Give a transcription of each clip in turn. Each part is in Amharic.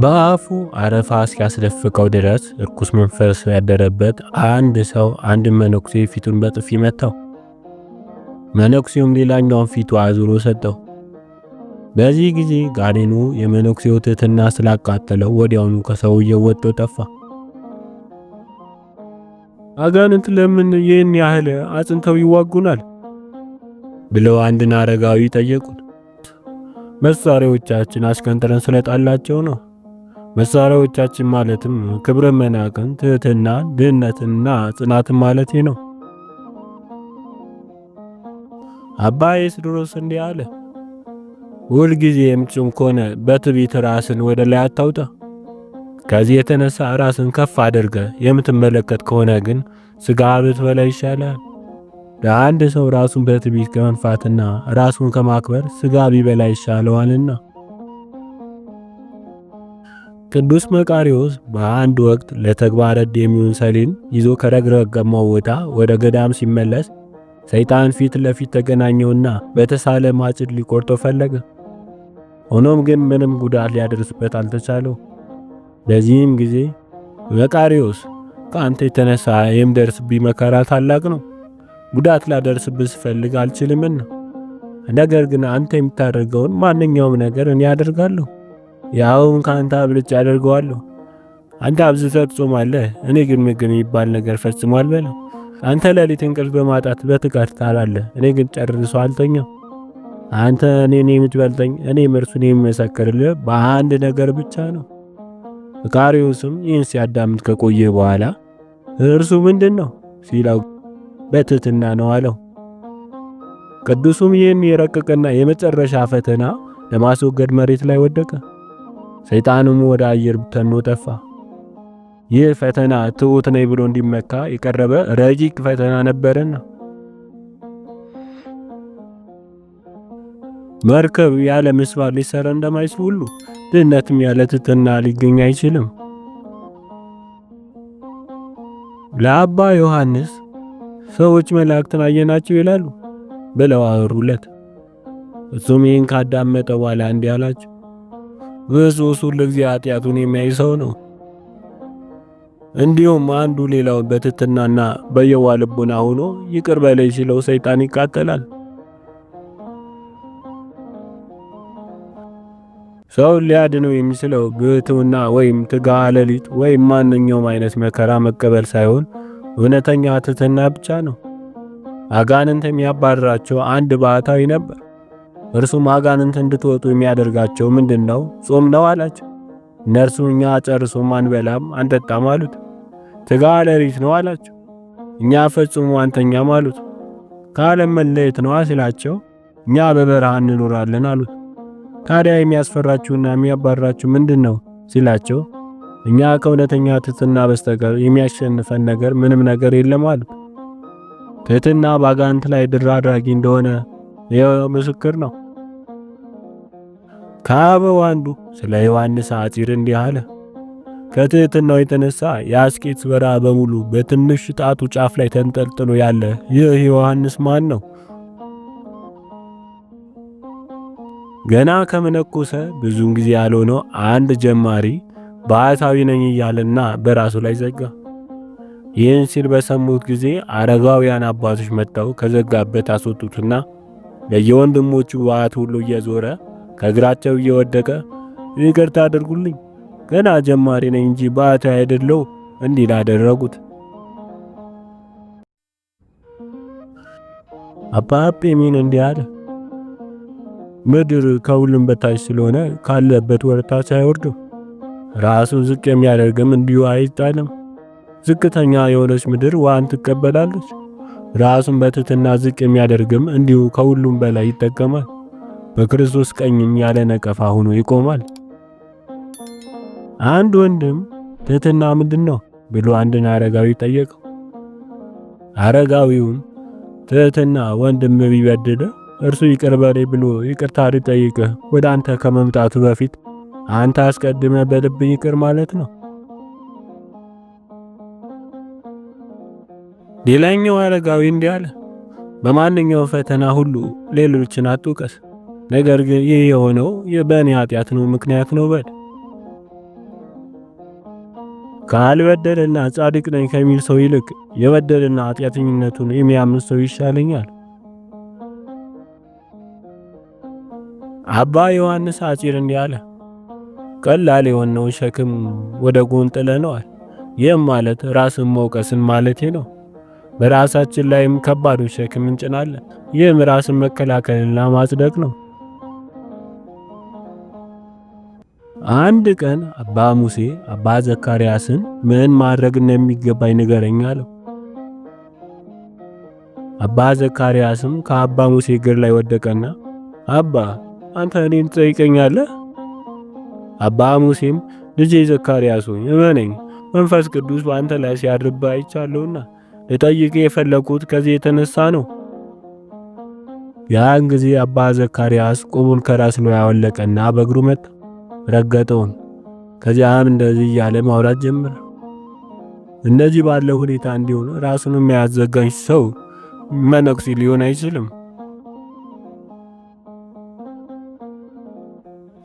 በአፉ አረፋ እስኪያስደፍቀው ድረስ እርኩስ መንፈስ ያደረበት አንድ ሰው አንድ መነኩሴ ፊቱን በጥፊ መታው። መነኩሴውም ሌላኛውን ፊቱ አዙሮ ሰጠው። በዚህ ጊዜ ጋኔኑ የመነኩሴው ትህትና ስላቃጠለው ወዲያውኑ ከሰውየው ወጥቶ ጠፋ። አጋንንት ለምን ይህን ያህል አጽንተው ይዋጉናል? ብለው አንድን አረጋዊ ጠየቁት። መሳሪያዎቻችን አስከንጥረን ስለጣላቸው ነው መሳሪያዎቻችን ማለትም ክብረ መናቅን፣ ትህትና፣ ድህነትንና ጽናትን ማለት ነው። አባ ኤስድሮስ እንዲህ አለ፣ ሁልጊዜ የምትጾም ከሆነ በትዕቢት ራስን ወደ ላይ አታውጣ። ከዚህ የተነሳ ራስን ከፍ አድርገ የምትመለከት ከሆነ ግን ስጋ ብትበላ ይሻላል። ለአንድ ሰው ራሱን በትዕቢት ከመንፋትና ራሱን ከማክበር ስጋ ቢበላ ይሻለዋልና። ቅዱስ መቃሪዎስ በአንድ ወቅት ለተግባረ እድ የሚሆን ሰሊን ይዞ ከረግረገማው ቦታ ወደ ገዳም ሲመለስ ሰይጣን ፊት ለፊት ተገናኘውና በተሳለ ማጭድ ሊቆርጦ ፈለገ። ሆኖም ግን ምንም ጉዳት ሊያደርስበት አልተቻለው። በዚህም ጊዜ መቃሪዎስ ከአንተ የተነሳ የምደርስብኝ መከራ ታላቅ ነው፣ ጉዳት ላደርስብህ ስፈልግ አልችልምና፣ ነገር ግን አንተ የምታደርገውን ማንኛውም ነገር እኔ አደርጋለሁ ያውን ከአንተ አብልጬ አደርገዋለሁ። አንተ አብዝተህ ትጾማለህ፣ እኔ ግን ምግብ የሚባል ነገር ፈጽሞ አልበላም። አንተ ሌሊት እንቅልፍ በማጣት በትጋት ታላለህ፣ እኔ ግን ጨርሶ አልተኛም። አንተ እኔን የምትበልጠኝ እኔም እርሱን የምመሰክርልህ በአንድ ነገር ብቻ ነው። መቃርዮስም ይህን ሲያዳምጥ ከቆየ በኋላ እርሱ ምንድን ነው ሲለው ነው አለው። ቅዱሱም ይህን የረቀቀና የመጨረሻ ፈተና ለማስወገድ መሬት ላይ ወደቀ። ሰይጣንም ወደ አየር ተኖ ጠፋ። ይህ ፈተና ትሑት ነኝ ብሎ እንዲመካ የቀረበ ረቂቅ ፈተና ነበረና መርከብ ያለ ምስማር ሊሰራ እንደማይችል ሁሉ ድህነትም ያለ ትሕትና ሊገኝ አይችልም። ለአባ ዮሐንስ ሰዎች መላእክትን አየናቸው ይላሉ ብለው አወሩለት። እሱም ይህን ካዳመጠ በኋላ እንዲህ አላቸው በሶስ ሁሉ ጊዜ ኃጢአቱን የሚያይ ሰው ነው። እንዲሁም አንዱ ሌላውን በትትናና በየዋ ልቡና ሆኖ ይቅር በለይ ሲለው ሰይጣን ይቃጠላል። ሰው ሊያድነው የሚችለው ብሕትውና ወይም ትጋሃ ሌሊት ወይም ማንኛውም አይነት መከራ መቀበል ሳይሆን እውነተኛ ትሕትና ብቻ ነው። አጋንንት የሚያባርራቸው አንድ ባህታዊ ነበር። እርሱም አጋንንት እንድትወጡ የሚያደርጋቸው ምንድን ነው? ጾም ነው አላቸው። እነርሱ እኛ ጨርሶም አንበላም አንጠጣም አሉት። ትጋሃ ነው አላቸው። እኛ ፈጽሞ አንተኛም አሉት። ከዓለም መለየት ነዋ ሲላቸው እኛ በበረሃ እንኖራለን አሉት። ታዲያ የሚያስፈራችሁና የሚያባራችሁ ምንድን ነው ሲላቸው እኛ ከእውነተኛ ትህትና በስተቀር የሚያሸንፈን ነገር ምንም ነገር የለም አሉት። ትህትና በአጋንንት ላይ ድራ አድራጊ እንደሆነ ምስክር ነው። ከአበው አንዱ ስለ ዮሐንስ ሐፂር እንዲህ አለ። ከትሕትናው የተነሳ የአስቄት በረሃ በሙሉ በትንሽ ጣቱ ጫፍ ላይ ተንጠልጥሎ ያለ ይህ ዮሐንስ ማን ነው? ገና ከመነኮሰ ብዙን ጊዜ ያልሆነው አንድ ጀማሪ ባህታዊ ነኝ እያለና በራሱ ላይ ዘጋ። ይህን ሲል በሰሙት ጊዜ አረጋውያን አባቶች መጥተው ከዘጋበት አስወጡትና ለየወንድሞቹ ዋዕት ሁሉ እየዞረ ከእግራቸው እየወደቀ ይቅርታ አድርጉልኝ፣ ገና ጀማሪ ነኝ እንጂ ባታ አይደለው እንዲል አደረጉት። አባ ጴሜን እንዲህ አለ፣ ምድር ከሁሉም በታች ስለሆነ ካለበት ወርታ ሳይወርድ ራሱ ዝቅ የሚያደርግም እንዲሁ አይጣልም። ዝቅተኛ የሆነች ምድር ዋን ትቀበላለች። ራሱን በትትና ዝቅ የሚያደርግም እንዲሁ ከሁሉም በላይ ይጠቀማል። በክርስቶስ ቀኝ ያለ ነቀፋ ሆኖ ይቆማል። አንድ ወንድም ትህትና ምንድን ነው ብሎ አንድን አረጋዊ ጠየቀው። አረጋዊውም ትህትና ወንድም ቢበድል እርሱ ይቅር ብሎ ይቅርታ ሊጠይቅህ ወደ አንተ ከመምጣቱ በፊት አንተ አስቀድመ በልብ ይቅር ማለት ነው። ሌላኛው አረጋዊ እንዲህ አለ፣ በማንኛውም ፈተና ሁሉ ሌሎችን አትውቀስ። ነገር ግን ይህ የሆነው የበኔ ኃጢአት ነው ምክንያት ነው በል። ካልበደልና ጻድቅ ነኝ ከሚል ሰው ይልቅ የበደልና ኃጢአተኝነቱን የሚያምን ሰው ይሻለኛል። አባ ዮሐንስ አጺር እንዲህ አለ፣ ቀላል የሆነው ሸክም ወደ ጎን ጥለነዋል። ይህም ማለት ራስን መውቀስን ማለቴ ነው። በራሳችን ላይም ከባዱ ሸክም እንጭናለን። ይህም ራስን መከላከልና ማጽደቅ ነው። አንድ ቀን አባ ሙሴ አባ ዘካርያስን ምን ማድረግ እንደሚገባኝ ንገረኝ አለው። አባ ዘካርያስም ከአባ ሙሴ እግር ላይ ወደቀና አባ አንተ እኔን ትጠይቀኛለህ? አባ ሙሴም ልጄ ዘካርያስ ሆይ እመነኝ፣ መንፈስ ቅዱስ በአንተ ላይ ሲያድርብህ አይቻለሁና ልጠይቅ የፈለኩት ከዚህ የተነሳ ነው። ያን ጊዜ አባ ዘካርያስ ቆቡን ከራስ ነው ያወለቀና በእግሩ መታ። ረገጠውን። ከዚያም እንደዚህ እያለ ማውራት ጀመረ። እንደዚህ ባለው ሁኔታ እንዲሆን ራሱን የሚያዘጋጅ ሰው መነኩሴ ሊሆን አይችልም።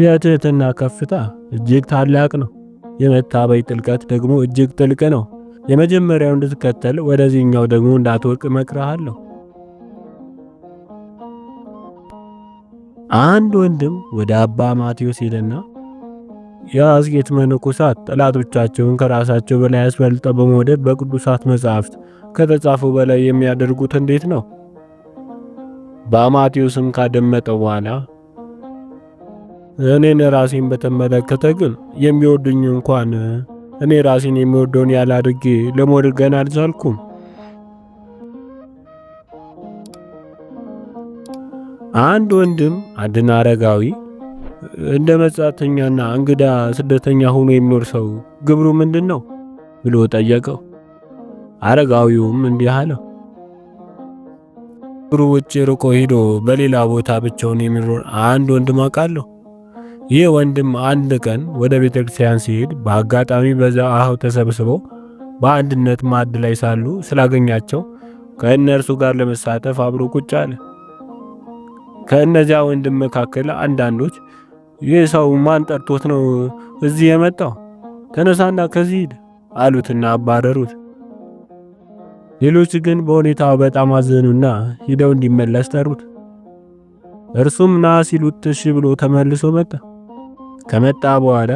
የትህትና ከፍታ እጅግ ታላቅ ነው። የመታበይ ጥልቀት ደግሞ እጅግ ጥልቅ ነው። የመጀመሪያው እንድትከተል ወደዚህኛው ደግሞ እንዳትወርቅ እመክርሃለሁ። አንድ ወንድም ወደ አባ ማቴዎስ ሄደና የአስጌት መነኮሳት ጠላቶቻቸውን ከራሳቸው በላይ አስበልጠው በመውደድ በቅዱሳት መጻሕፍት ከተጻፈው በላይ የሚያደርጉት እንዴት ነው? በአማቴዎስም ካደመጠው በኋላ እኔን ራሴን በተመለከተ ግን የሚወዱኝ እንኳን እኔ ራሴን የሚወደውን ያህል አድርጌ ለመውደድ ገና አልቻልኩም። አንድ ወንድም አድና አረጋዊ እንደ መጻተኛና እንግዳ ስደተኛ ሆኖ የሚኖር ሰው ግብሩ ምንድን ነው ብሎ ጠየቀው። አረጋዊውም እንዲህ አለ፣ ግብሩ ውጭ ርቆ ሂዶ በሌላ ቦታ ብቻውን የሚኖር አንድ ወንድም አውቃለሁ። ይህ ወንድም አንድ ቀን ወደ ቤተክርስቲያን ሲሄድ በአጋጣሚ በዛ አሁ ተሰብስበው በአንድነት ማዕድ ላይ ሳሉ ስላገኛቸው ከእነርሱ ጋር ለመሳተፍ አብሮ ቁጭ አለ። ከእነዚያ ወንድም መካከል አንዳንዶች ይህ ሰው ማን ጠርቶት ነው እዚህ የመጣው? ተነሳና ከዚህ ሂድ አሉትና አባረሩት። ሌሎች ግን በሁኔታው በጣም አዘኑና ሂደው እንዲመለስ ጠሩት። እርሱም ና ሲሉት እሺ ብሎ ተመልሶ መጣ። ከመጣ በኋላ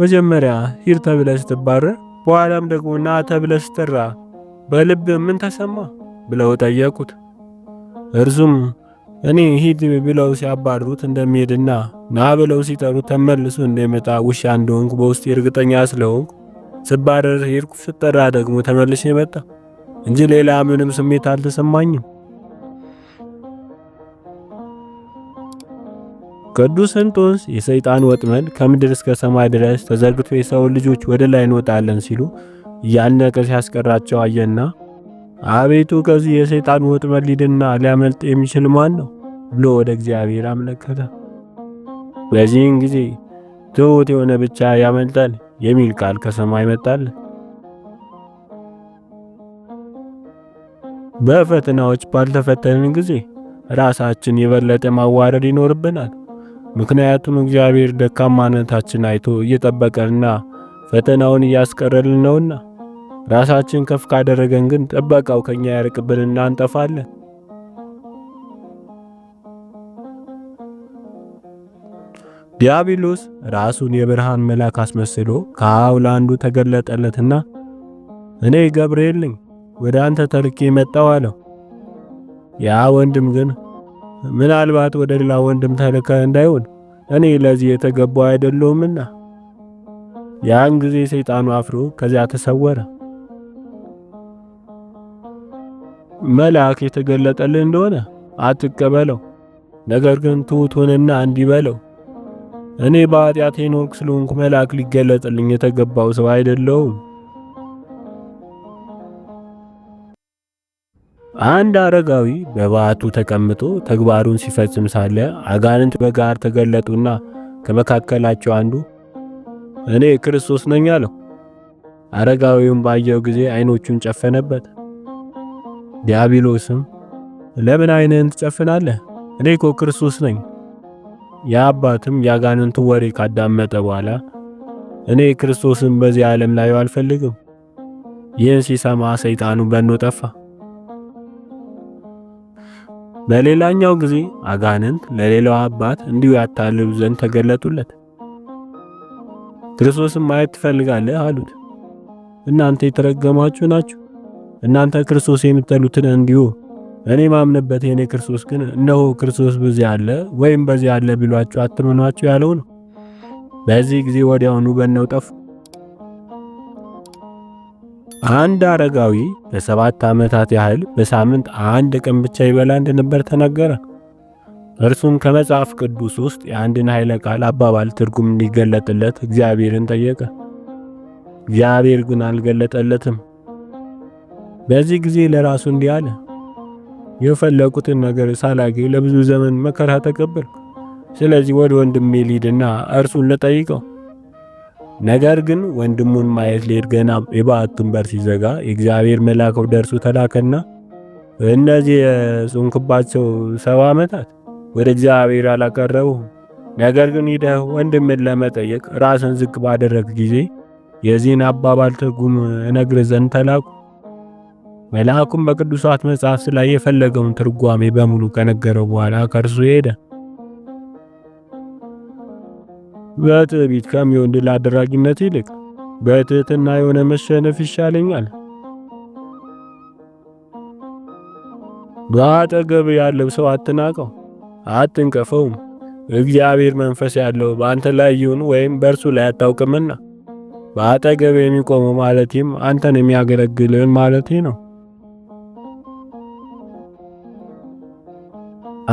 መጀመሪያ ሂድ ተብለ ስትባረር፣ በኋላም ደግሞ ና ተብለ ስትጠራ በልብ ምን ተሰማ ብለው ጠየቁት። እርሱም እኔ ሂድ ብለው ሲያባሩት እንደሚሄድና ና ብለው ሲጠሩት ተመልሶ እንደመጣ ውሻ እንደሆንኩ በውስጥ እርግጠኛ ስለሆንኩ ስባረር ሄድኩ። ስጠራ ደግሞ ተመልሼ መጣ እንጂ ሌላ ምንም ስሜት አልተሰማኝም። ቅዱስ እንጦንስ የሰይጣን ወጥመድ ከምድር እስከ ሰማይ ድረስ ተዘርግቶ የሰው ልጆች ወደ ላይ እንወጣለን ሲሉ እያነቀ ሲያስቀራቸው አየና አቤቱ ከዚህ የሰይጣን ወጥመድ ሊድንና ሊያመልጥ የሚችል ማን ነው ብሎ ወደ እግዚአብሔር አመለከተ። በዚህን ጊዜ ትሑት የሆነ ብቻ ያመልጣል የሚል ቃል ከሰማይ መጣል። በፈተናዎች ባልተፈተንን ጊዜ ራሳችን የበለጠ ማዋረድ ይኖርብናል። ምክንያቱም እግዚአብሔር ደካማነታችን አይቶ እየጠበቀንና ፈተናውን እያስቀረልን ነውና። ራሳችን ከፍ ካደረገን ግን ጥበቃው ከኛ ያርቅብንና እንጠፋለን። ዲያብሎስ ራሱን የብርሃን መልአክ አስመስሎ ከአውል አንዱ ተገለጠለትና እኔ ገብርኤል ነኝ ወደ አንተ ተልኬ መጣው አለው። ያ ወንድም ግን ምናልባት ወደ ሌላ ወንድም ተልከ እንዳይሆን እኔ ለዚህ የተገባው አይደለሁምና ያን ጊዜ ሰይጣኑ አፍሮ ከዚያ ተሰወረ። መልአክ የተገለጠልን እንደሆነ አትቀበለው፣ ነገር ግን ትሁቱንና አንዲበለው እኔ በኃጢአቴ ኖርክ ስለሆንኩ መልአክ ሊገለጥልኝ የተገባው ሰው አይደለሁም። አንድ አረጋዊ በባቱ ተቀምጦ ተግባሩን ሲፈጽም ሳለ አጋንንት በጋር ተገለጡና ከመካከላቸው አንዱ እኔ ክርስቶስ ነኝ አለው። አረጋዊውም ባየው ጊዜ አይኖቹን ጨፈነበት። ዲያብሎስም ለምን ዓይንህን ትጨፍናለህ? እኔ እኮ ክርስቶስ ነኝ። የአባትም የአጋንንቱ ወሬ ካዳመጠ በኋላ እኔ ክርስቶስን በዚህ ዓለም ላይ አልፈልግም። ይህን ሲሰማ ሰይጣኑ በኖ ጠፋ። በሌላኛው ጊዜ አጋንንት ለሌላው አባት እንዲሁ ያታልሉ ዘንድ ተገለጡለት። ክርስቶስን ማየት ትፈልጋለህ አሉት። እናንተ የተረገማችሁ ናችሁ እናንተ ክርስቶስ የምትጠሉትን እንዲሁ እኔ ማምንበት የኔ ክርስቶስ ግን እነሆ ክርስቶስ በዚህ አለ ወይም በዚህ አለ ቢሏችሁ አትመኗቸው ያለው ነው። በዚህ ጊዜ ወዲያውኑ በነው ጠፉ። አንድ አረጋዊ ለሰባት ዓመታት ያህል በሳምንት አንድ ቀን ብቻ ይበላ እንደነበር ተነገረ። እርሱም ከመጽሐፍ ቅዱስ ውስጥ የአንድን ኃይለ ቃል አባባል ትርጉም እንዲገለጥለት እግዚአብሔርን ጠየቀ። እግዚአብሔር ግን አልገለጠለትም። በዚህ ጊዜ ለራሱ እንዲህ አለ፣ የፈለኩትን ነገር ሳላገኝ ለብዙ ዘመን መከራ ተቀበልኩ። ስለዚህ ወደ ወንድሜ ልሂድና እርሱን ልጠይቀው። ነገር ግን ወንድሙን ማየት ሊሄድ ገና የበዓቱን በር ሲዘጋ የእግዚአብሔር መልአክ ተላከና እነዚህ የጾምክባቸው ሰባ ዓመታት ወደ እግዚአብሔር አላቀረቡህም። ነገር ግን ሂደህ ወንድምን ለመጠየቅ ራስን ዝቅ ባደረግ ጊዜ የዚህን አባባል ትርጉም እነግር ዘንድ ተላኩ። መልአኩም በቅዱሳት መጻሕፍት ላይ የፈለገውን ትርጓሜ በሙሉ ከነገረው በኋላ ከእርሱ ሄደ። በትዕቢት ከሚሆን ድል አድራጊነት ይልቅ በትህትና የሆነ መሸነፍ ይሻለኛል። በአጠገብ ያለው ሰው አትናቀው፣ አትንቀፈውም። እግዚአብሔር መንፈስ ያለው በአንተ ላይ ይሁን ወይም በእርሱ ላይ አታውቅምና፣ በአጠገብ የሚቆመው ማለትም አንተን የሚያገለግልን ማለት ነው።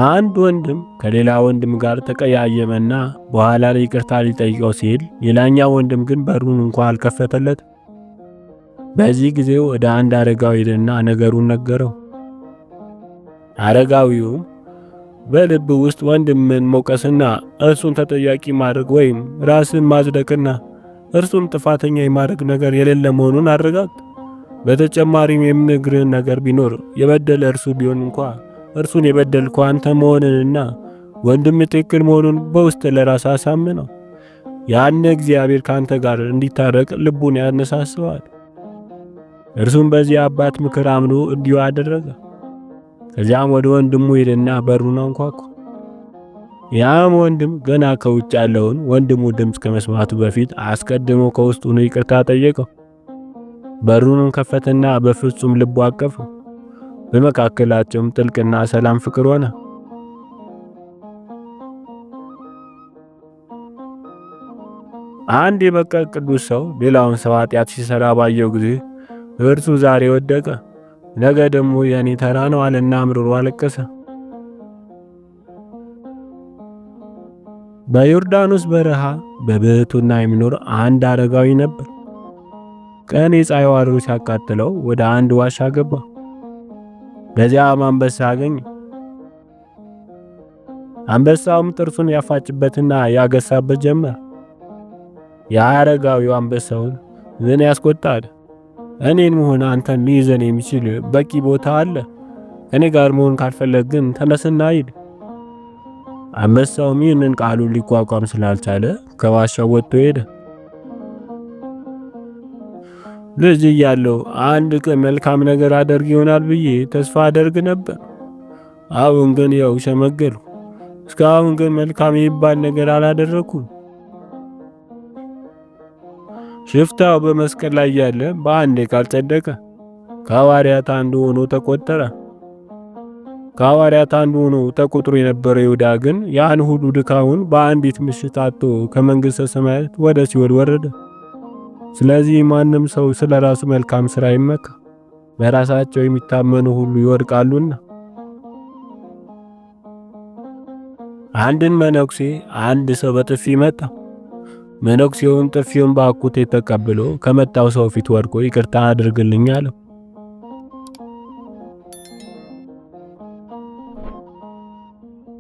አንድ ወንድም ከሌላ ወንድም ጋር ተቀያየመና በኋላ ላይ ይቅርታ ሊጠይቀው ሲል ሌላኛው ወንድም ግን በሩን እንኳ አልከፈተለት። በዚህ ጊዜ ወደ አንድ አረጋዊ ሄደና ነገሩን ነገረው። አረጋዊውም በልብ ውስጥ ወንድምን መውቀስና እርሱን ተጠያቂ ማድረግ ወይም ራስን ማጽደቅና እርሱን ጥፋተኛ የማድረግ ነገር የሌለ መሆኑን አረጋግጥ። በተጨማሪም የምነግርህን ነገር ቢኖር የበደለ እርሱ ቢሆን እንኳ እርሱን የበደል አንተ መሆንንና ወንድም ትክክል መሆኑን በውስጥ ለራስ አሳምነው። ያን እግዚአብሔር ካንተ ጋር እንዲታረቅ ልቡን ያነሳስዋል። እርሱም በዚህ አባት ምክር አምኖ እንዲሁ አደረገ። ከዚያም ወደ ወንድሙ ሄደና በሩን አንኳኳ። ያም ወንድም ገና ከውጭ ያለውን ወንድሙ ድምፅ ከመስማቱ በፊት አስቀድሞ ከውስጡ ሆኖ ይቅርታ ጠየቀው። በሩንም ከፈተና በፍጹም ልቡ አቀፈው። በመካከላቸውም ጥልቅና ሰላም ፍቅር ሆነ። አንድ የበቀል ቅዱስ ሰው ሌላውን ሰው ኃጢአት ሲሰራ ባየው ጊዜ እርሱ ዛሬ ወደቀ፣ ነገ ደግሞ የኔ ተራ ነው አለና አምርሮ አለቀሰ። በዮርዳኖስ በረሃ በብህቱና የሚኖር አንድ አረጋዊ ነበር። ቀን የፀሐይ አሩ ሲያቃጥለው ወደ አንድ ዋሻ ገባ። በዚያም አንበሳ አገኘ። አንበሳውም ጥርሱን ያፋጭበትና ያገሳበት ጀመር። የአረጋዊው አንበሳውን ምን ያስቆጣል? እኔን መሆን አንተን ሊይዘን የሚችል በቂ ቦታ አለ። እኔ ጋር መሆን ካልፈለግ ግን ተነስና ሂድ። አንበሳውም ይህንን ቃሉን ሊቋቋም ስላልቻለ ከዋሻው ወጥቶ ሄደ። ልጅ እያለሁ አንድ ቀን መልካም ነገር አደርግ ይሆናል ብዬ ተስፋ አደርግ ነበር። አሁን ግን ያው ሸመገሉ። እስካሁን ግን መልካም የሚባል ነገር አላደረኩም። ሽፍታው በመስቀል ላይ ያለ በአንዴ ቃል ጸደቀ። ከሐዋርያት አንዱ ሆኖ ተቆጠረ። ከሐዋርያት አንዱ ሆኖ ተቆጥሮ የነበረ ይሁዳ ግን ያን ሁሉ ድካሙን በአንዲት ምሽት አጥቶ ከመንግሥተ ሰማያት ወደ ሲኦል ወረደ። ስለዚህ ማንም ሰው ስለ ራሱ መልካም ሥራ ይመካ፣ በራሳቸው የሚታመኑ ሁሉ ይወድቃሉና። አንድን መነኩሴ አንድ ሰው በጥፊ መታ። መነኩሴውም ጥፊውን በአኩቴ ተቀብሎ ከመታው ሰው ፊት ወድቆ ይቅርታ አድርግልኝ አለው።